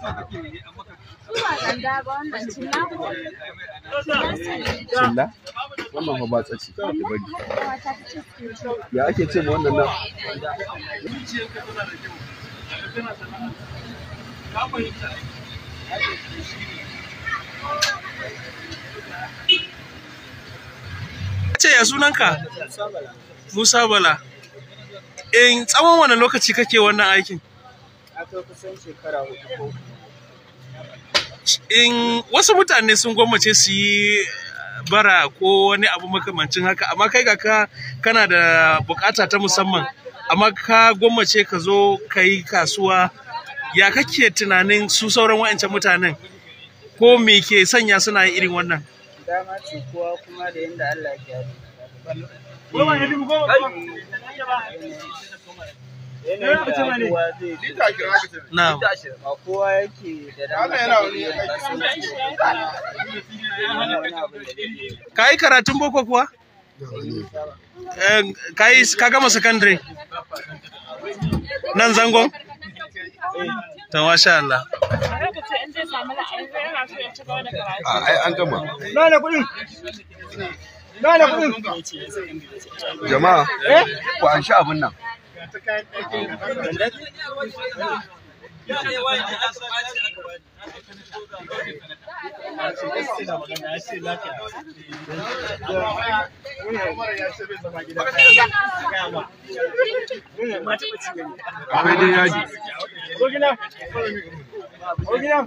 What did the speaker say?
Cilla? Wannan ba Ya ake ce Musa Bala. In eh, tsawon wani lokaci kake wannan aikin? in wasu mutane sun gwammace su yi eh, bara ko wani abu makamancin haka amma kai ga ka kana da bukata ta musamman amma ka gwammace ka zo ka yi kasuwa ya kake tunanin su sauran wa'ancan mutanen ko me ke sanya suna yin irin wannan dama na kowa yake da ka yi karatun boko kuwa eh, ka gama secondary nan zangon ta washa Allah ai an gama na da kudin na da kudin jama'a eh? ku an sha abin nan ta kayan ɗaki Abin da yaji. Ko gida? Ko gida?